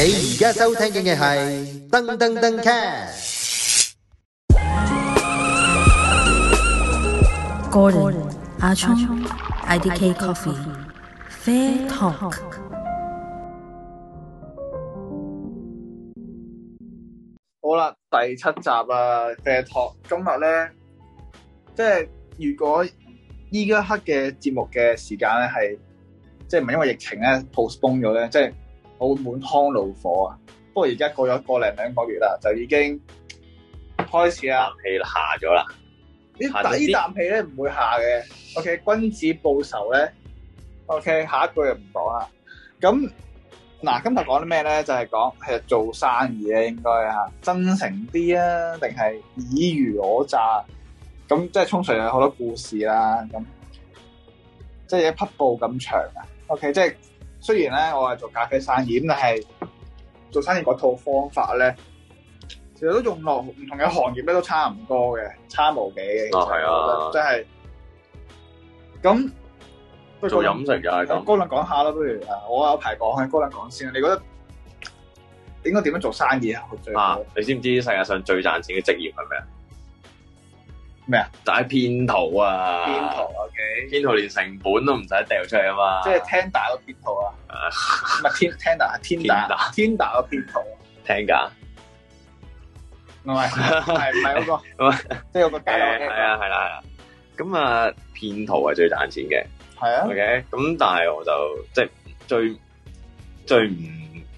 你而家收聽嘅係噔噔噔 cast 個人阿聰，I D K Coffee，Fair Talk。好啦，第七集啊，Fair Talk。今日咧，即係如果依家刻嘅節目嘅時間咧，係即係唔係因為疫情咧 postpone 咗咧，即係。我會滿腔怒火啊！不過而家過咗個零兩個月啦，就已經開始啊，氣啦下咗啦。呢底啖氣咧唔會下嘅。O.K. 君子報仇咧。O.K. 下一句唔講啦。咁嗱、啊，今日講啲咩咧？就係、是、講其實做生意咧，應該啊，真誠啲啊，定係爾虞我詐？咁即係充場有好多故事啦。咁即係一匹布咁長啊。O.K. 即係。雖然咧，我係做咖啡生意，但係做生意嗰套方法咧，其實都用落唔同嘅行業咧，都差唔多嘅，差無幾嘅。啊，係啊，真係。咁做飲食嘅。阿高冷講下啦，不如啊，我有排講嘅，高冷講先。你覺得你應該點樣做生意啊？最，你知唔知世界上最賺錢嘅職業係咩？咩啊？但係騙徒啊！騙徒 OK，騙徒連成本都唔使掉出嚟啊嘛！即係 Tender 個騙徒啊！唔 係不是 Tender Tender，Tender 個 Tender, Tender 騙徒啊！聽架？唔係係唔係嗰個？即係嗰個假？係、 欸、啊係啦係啦。咁啊，啊，啊騙徒係最賺錢嘅。係啊。OK，咁但係我就即係最最唔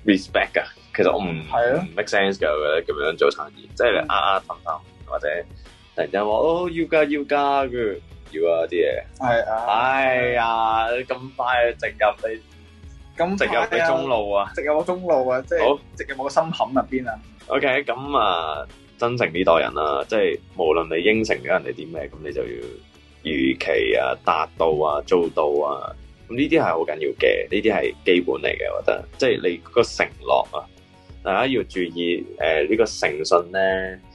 respect 噶。其實我唔係唔 make sense 噶，我覺得咁樣做生意，即係、嗯、啊啊氹氹或者。人就話哦要加要加嘅，要啊啲嘢係啊，哎呀咁快啊直入你，咁直入你中路啊，直入我中路啊，即係好直入我個心坎入邊啊。OK，咁啊，真誠呢待人啊，即係無論你應承咗人哋啲咩，咁你就要如期啊達到啊做到啊，咁呢啲係好緊要嘅，呢啲係基本嚟嘅，我覺得，即係你個承諾啊，大家要注意誒呢個誠信咧。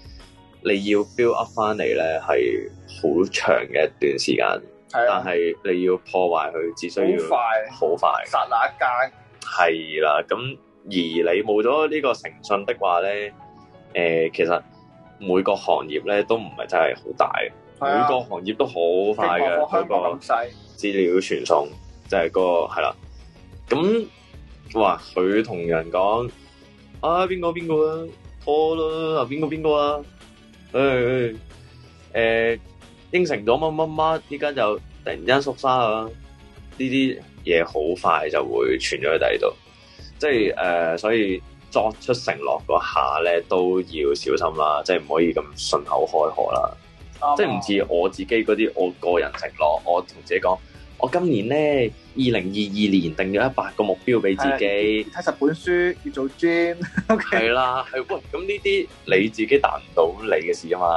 你要 build up 翻嚟咧，係好長嘅一段時間。係啊，但係你要破壞佢，只需要好快，好快，剎那一間係啦。咁而你冇咗呢個誠信的話咧，誒、呃，其實每個行業咧都唔係真係好大，每個行業都好快嘅嗰個資料傳送，即係嗰個係啦。咁、就係嗰個、哇，佢同人講啊，邊個邊個啊，拖啦，啊，邊個邊個啊？誒、欸、誒，欸、應承咗乜乜乜，依家就突然間縮沙啊！呢啲嘢好快就會傳咗去第二度，即係誒、呃，所以作出承諾嗰下咧都要小心啦，即係唔可以咁順口開河啦，啊、即係唔似我自己嗰啲我個人承諾，我同自己講。我今年咧，二零二二年定咗一百個目標俾自己，睇十本書，要做 gym，係、okay、啦，係喎，咁呢啲你自己達唔到你嘅事啊嘛。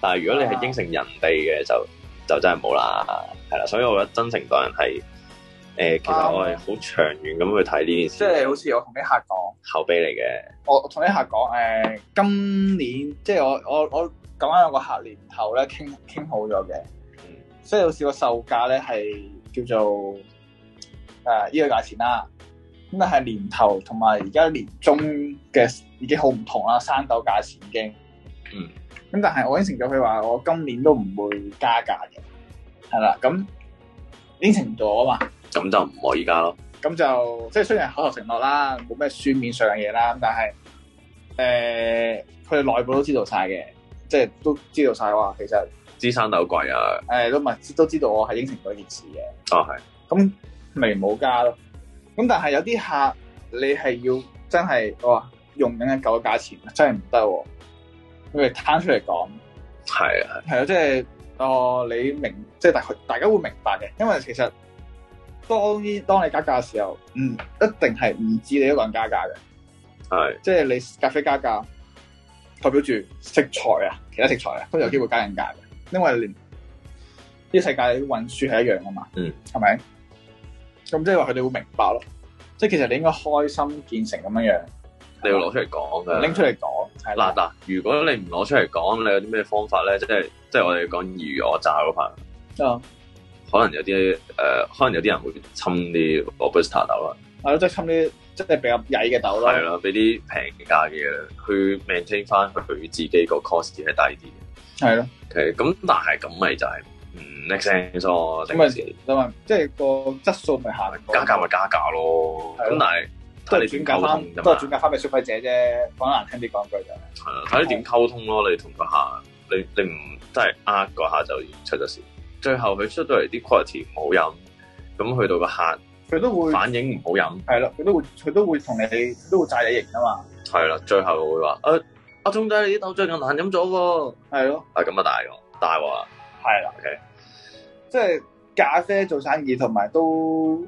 但係如果你係應承人哋嘅、啊、就就真係冇啦，係啦。所以我覺得真誠待人係誒，其實我係好長遠咁去睇呢件事。啊、即係好似我同啲客講口碑嚟嘅。我同啲客講誒、呃，今年即係我我我咁啱有個客年頭咧，傾傾好咗嘅。所以有時個售價咧係叫做誒呢、啊這個價錢啦，咁但係年頭同埋而家年中嘅已經好唔同啦，生豆價錢已經，嗯，咁但係我應承咗佢話我今年都唔會加價嘅，係啦，咁應承咗啊嘛，咁就唔可以加咯，咁就即係雖然係口頭承諾啦，冇咩書面上嘅嘢啦，咁但係誒佢哋內部都知道晒嘅，即係都知道曬話其實。支山豆貴啊！誒，都唔係，都知道我係應承咗件事嘅。哦，係。咁明冇加咯。咁但係有啲客，你係要真係哇，用緊一舊嘅價錢，真係唔得喎。咁咪攤出嚟講。係啊，係。係啊，即係、就是，哦，你明，即、就、係、是、大，大家會明白嘅。因為其實當啲你加價嘅時候，嗯，一定係唔止你一都人加價嘅。係。即、就、係、是、你咖啡加價，代表住食材啊，其他食材啊，都有機會加緊價的。因為呢啲世界嘅運輸係一樣啊嘛，嗯是，係咪？咁即係話佢哋會明白咯。即、就、係、是、其實你應該開心見誠咁樣樣，你要攞出嚟講嘅。拎出嚟講，係嗱嗱。如果你唔攞出嚟講，你有啲咩方法咧？即係即係我哋講爾虞我詐嗰 part、嗯、可能有啲誒、呃，可能有啲人會侵啲 Robusta 豆啦。係、啊、咯，即、就、係、是、侵啲即係比較曳嘅豆咯。係咯，俾啲平價嘅，去 maintain 翻佢自己個 cost 係低啲。係咯，ok 咁，但係咁咪就係唔 acceptable 咯。咁咪即係個質素咪下降，加價咪加價咯。咁但係都係轉嫁翻，都係轉嫁翻俾消費者啫。講難聽啲講句就係睇你點溝通咯。你同個客，你你唔真係呃嗰下就出咗事。最後佢出到嚟，啲 quality 唔好飲，咁去到個客佢都會反映唔好飲。係啦，佢都會佢都會同你都會炸嘢型，啊嘛。係啦，最後會話誒。啊阿聰仔，你啲豆最近難飲咗喎。係咯。係咁樣大個，大喎。係啦。OK，即係咖啡做生意，同埋都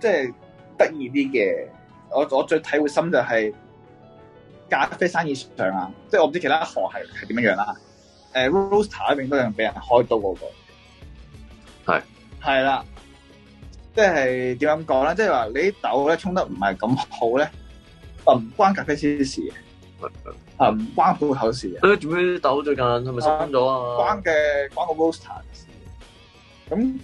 即係得意啲嘅。我我最體會深就係咖啡生意上啊，即係我唔知其他行係係點樣樣啦。誒，roaster 嗰邊都有俾人開刀嗰個。係。係啦。即係點樣講咧？即係話你啲豆咧沖得唔係咁好咧，啊唔關咖啡師事嘅。係、嗯、唔關鋪頭事啊！誒，做咩豆最近係咪升咗啊？關嘅，關個 roaster 咁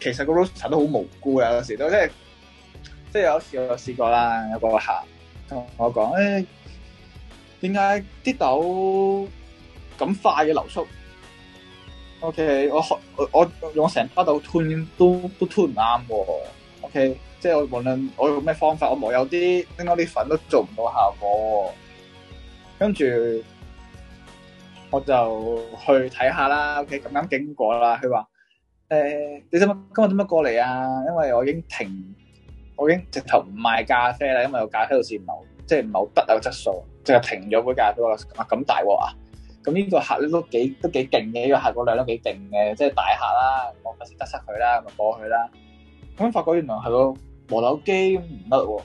其實個 roaster 都好無辜嘅，有時都即係即係有次我試過啦，有，有個客同我講：誒、欸，點解啲豆咁快嘅流速？Okay,OK 我我用成包豆吞都都吞唔啱我。OK。即係我無論我用咩方法，我冇有啲拎多啲粉都做唔到效果喎。跟住我就去睇下啦。OK，咁啱經過啦。佢話：誒，你點解今日點樣過嚟啊？因為我已經停，我已經直頭唔賣咖啡啦。因為我咖啡嗰時唔係，即係唔係好得啊個質素，即係停咗杯咖啡啊。咁大鑊啊！咁呢個客咧都幾都幾勁嘅，呢個客個量都幾勁嘅，即係大客啦。我費事得失佢啦，咁咪過去啦。咁發覺原來係個。磨豆機唔得喎，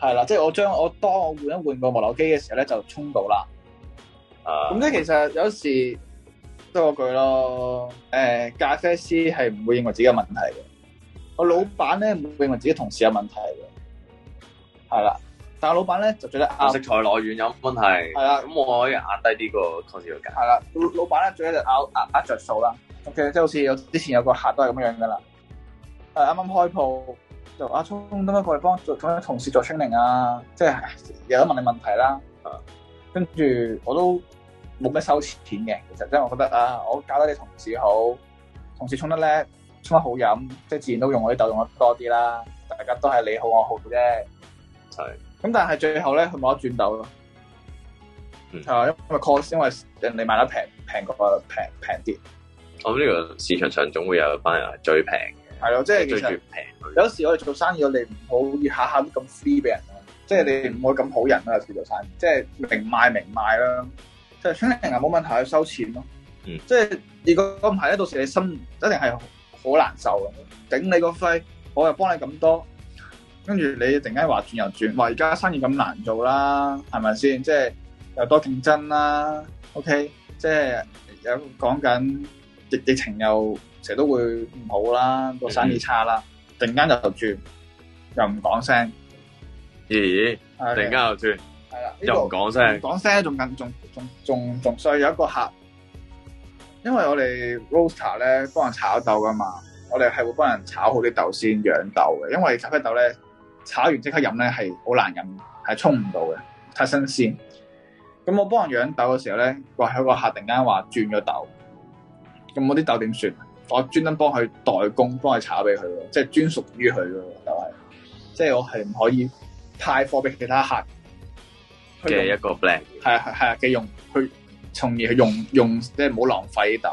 係 啦，即係我將我當我換一換個磨豆機嘅時候咧，就沖到啦。咁、uh, 即其實有時多句咯。誒，咖啡師係唔會認為自己有問題嘅，我老闆咧唔會認為自己同事有問題嘅，係、uh, 啦。但係老闆咧就最叻壓食材來源有冇問題？係啦，咁我可以壓低呢、這個 cost 嘅價。係啦，老老闆咧最叻就壓壓壓着數啦。OK，即係好似之前有個客都係咁樣噶啦。誒，啱啱開鋪。就阿聰得解過嚟幫做咁樣同事做清零啊？即係有得問你問題啦。跟、uh. 住我都冇咩收錢嘅，其實即係我覺得啊，我搞得啲同事好，同事沖得叻，沖得好飲，即係自然都用我啲豆用得多啲啦。大家都係你好我好啫。係。咁但係最後咧，佢冇得轉豆咯。係、嗯、啊，因為 cost 因為你買得平平過平平啲。我呢個市場上總會有一班人係最平。係咯，即係其實有時我哋做生意，我哋唔好要下下都咁 free 俾人咯、嗯。即係你唔可咁好人咯、啊，有時做生意，即係明賣明賣啦，即係肯定冇問題去收錢咯、嗯。即係如果唔係咧，到時你心一定係好難受咁樣。頂你個肺，我又幫你咁多，跟住你突然間話轉又轉，話而家生意咁難做啦，係咪先？即係又多競爭啦。OK，即係有講緊疫疫情又。成日都會唔好啦，個生意差啦，突然間就轉，又唔講聲，咦、欸？突然間又轉，係啦，又唔講聲，唔講聲仲緊，仲仲仲仲，需要有一個客，因為我哋 roaster 咧幫人炒豆㗎嘛，我哋係會幫人炒好啲豆先養豆嘅。因為炒啲豆咧炒完即刻飲咧，係好難飲，係沖唔到嘅，太新鮮。咁我幫人養豆嘅時候咧，哇！有一個客突然間話轉咗豆，咁我啲豆點算？我專登幫佢代工，幫佢炒俾佢咯，即係專屬於佢咯，就係，即係我係唔可以派貨俾其他客嘅一個 black。係啊係啊，既用佢從而去用用，即係唔好浪費啲豆。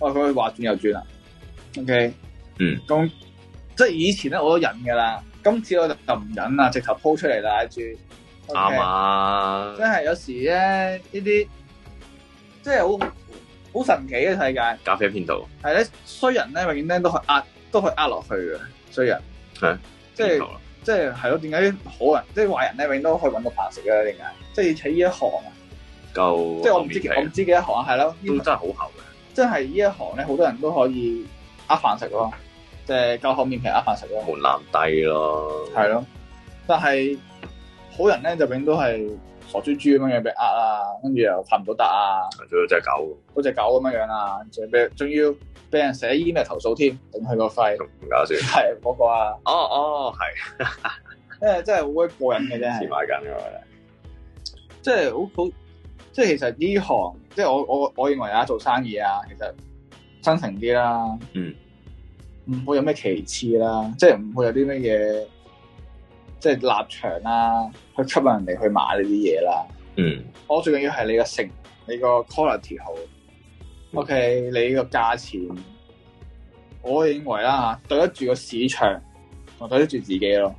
喂，佢話轉又轉啦。OK，嗯，咁即係以前咧我都忍噶啦，今次我就唔忍啦，直頭鋪出嚟啦，住朱。啱啊！真係有時咧呢啲，即係好。好神奇嘅世界，咖啡片度係咧衰人咧，永遠都係呃都係呃落去嘅衰人，係、啊、即係即係係咯？點解好人即係壞人咧，永遠都可以揾到飯食嘅？點解？即係似呢一行啊，夠即係我唔知我唔知幾多行係咯？呢行真係好厚嘅，真係呢一行咧，好多人都可以呃飯食咯，即係夠厚面皮呃飯食咯，門檻低咯，係咯，但係好人咧就永遠都係。何豬豬咁樣樣俾呃啊，跟住又瞓唔到得啊！仲有隻狗，嗰隻狗咁樣樣啊，仲俾仲要俾人寫 email 投訴添，頂佢個肺，唔搞笑！係嗰個啊，哦哦係，即係真係好鬼過癮嘅真係。黐埋緊即係好好，即係其實呢行，即係我我我認為而家做生意啊，其實真誠啲啦，嗯，唔會有咩其次啦，即係唔會有啲乜嘢。即係立場啦、啊，去吸引人哋去買呢啲嘢啦。嗯，我最緊要係你個誠，你個 quality 好。O、okay, K，、嗯、你個價錢，我認為啦吓，對得住個市場同對得住自己咯。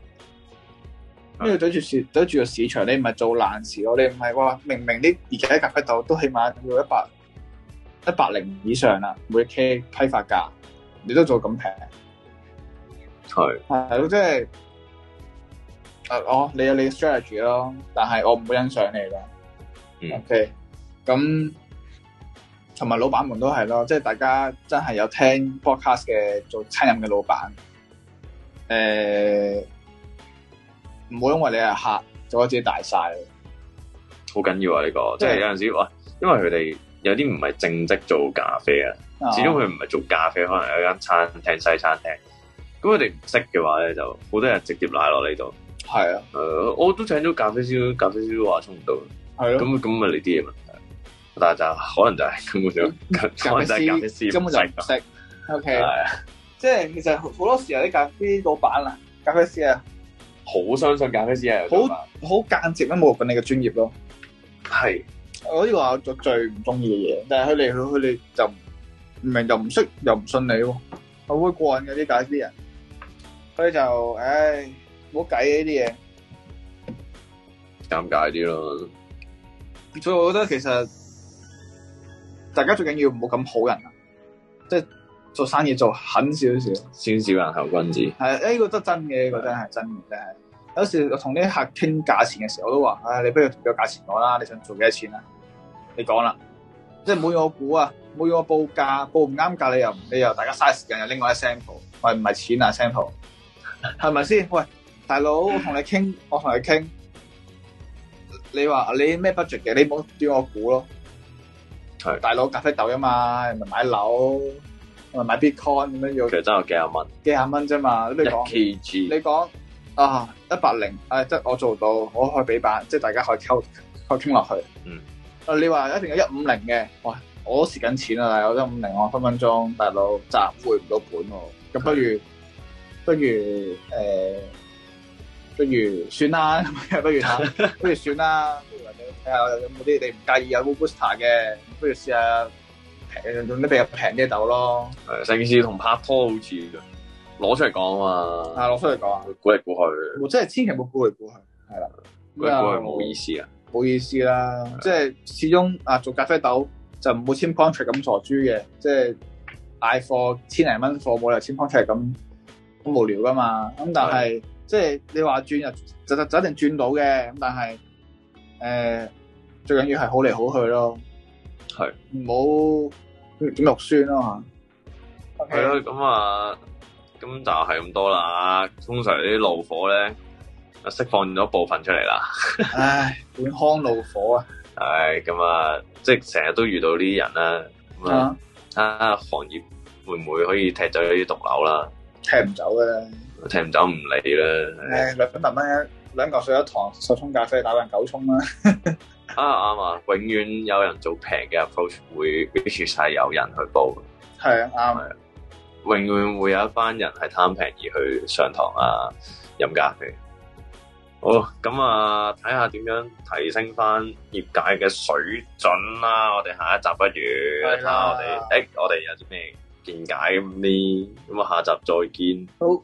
因為對得住對得住個市場，你唔係做爛市，咯，你唔係哇，明明啲而家喺夾不度都起碼要一百一百零以上啦、啊，每 K 批發價，你都做咁平，係係咯，即係。啊！我你有你嘅 strategy 咯，但係我唔會欣賞你嘅。OK，咁同埋老闆們都係咯，即係大家真係有聽 podcast 嘅做餐飲嘅老闆，誒唔好因為你係客，做開自己大晒。好緊要啊！呢個即係有陣時，哇！因為佢哋有啲唔係正職做咖啡啊，始終佢唔係做咖啡，可能有一間餐廳、西餐廳。咁佢哋唔識嘅話咧，就好多人直接賴落你度。係啊，誒，我都請咗咖啡師，咖啡師話沖唔到，係咯，咁咁咪嚟啲嘢問題，但係就可能就係根本上，咖啡師根本就唔識。O K，即係其實好多時候啲咖啡老闆啊，咖啡師啊，好相信咖啡師啊，好嘛，好間接咧，冇學過你嘅專業咯。係，我呢個我最最唔中意嘅嘢，但係佢哋佢佢哋就唔明又唔識又唔信你，好過癮嘅啲咖啡人，所以就唉。冇計呢啲嘢，尷尬啲咯。所以我覺得其實大家最緊要唔好咁好人，即係做生意做狠少少，小人後君子係，呢個都真嘅，呢個真係真嘅真係。有時候我同啲客傾價錢嘅時候，我都話，唉，你不如俾個價錢我啦，你想做幾多錢啊？你講啦，即係唔好要我估啊，唔好要我報價，報唔啱價，你又唔理由你又大家嘥時間，又另外一 sample，喂唔係錢啊 sample，係咪先？喂。 大佬，我同你傾、嗯，我同你傾。你話你咩 budget 嘅？你唔好端我估咯。係，大佬咖啡豆啊嘛，係咪買樓，咪買 bitcoin 咁樣要。其實真係幾廿蚊，幾廿蚊啫嘛。一 K G，你講啊一百零，誒即、啊就是、我做到，我可以俾百，即、就是、大家可以抽，可以傾落去。嗯。啊，你話一定有一五零嘅，哇！我蝕緊錢啊，大佬一五零我分分鐘，大佬賺回唔到本喎。咁不如，不如誒？呃 不如算啦，不如 不如算啦，不如睇下有冇啲你唔介意有個 Booster 嘅，不如試下平，做啲比較平嘅豆咯。誒，成件事同拍拖好似嘅，攞出嚟講啊嘛。啊，攞出嚟講啊，估嚟估去。我、哦、真係千祈唔好估嚟估去，係啦，估嚟估去冇意思啊，冇意思啦。即係始終啊、呃，做咖啡豆就唔會簽 contract 咁傻豬嘅。即係嗌貨千零蚊貨冇又簽 contract 咁好無聊噶嘛。咁但係。即係你話轉又就就就一定轉到嘅，咁但係誒、呃、最緊要係好嚟好去咯，係唔好點肉酸啊嘛。係咯，咁、okay. 啊，咁就係咁多啦。通常啲怒火咧，啊釋放咗部分出嚟啦。 唉，本康怒火啊！唉，咁啊，即係成日都遇到呢啲人啦。啊，啊，行業會唔會可以踢走有啲毒瘤啦？踢唔走噶。我聽唔走唔理啦，係兩百蚊兩嚿水一堂，十沖咖啡打翻九沖啦、啊。 啊啱啊，永遠有人做平嘅 approach 會晒有人去報，係啊啱啊，永遠會有一班人係貪平而去上堂啊飲咖啡。好咁啊，睇下點樣提升翻業界嘅水準啦。我哋下一集不如睇下、啊、我哋誒，我哋有啲咩見解咁呢？咁啊，下集再見。好。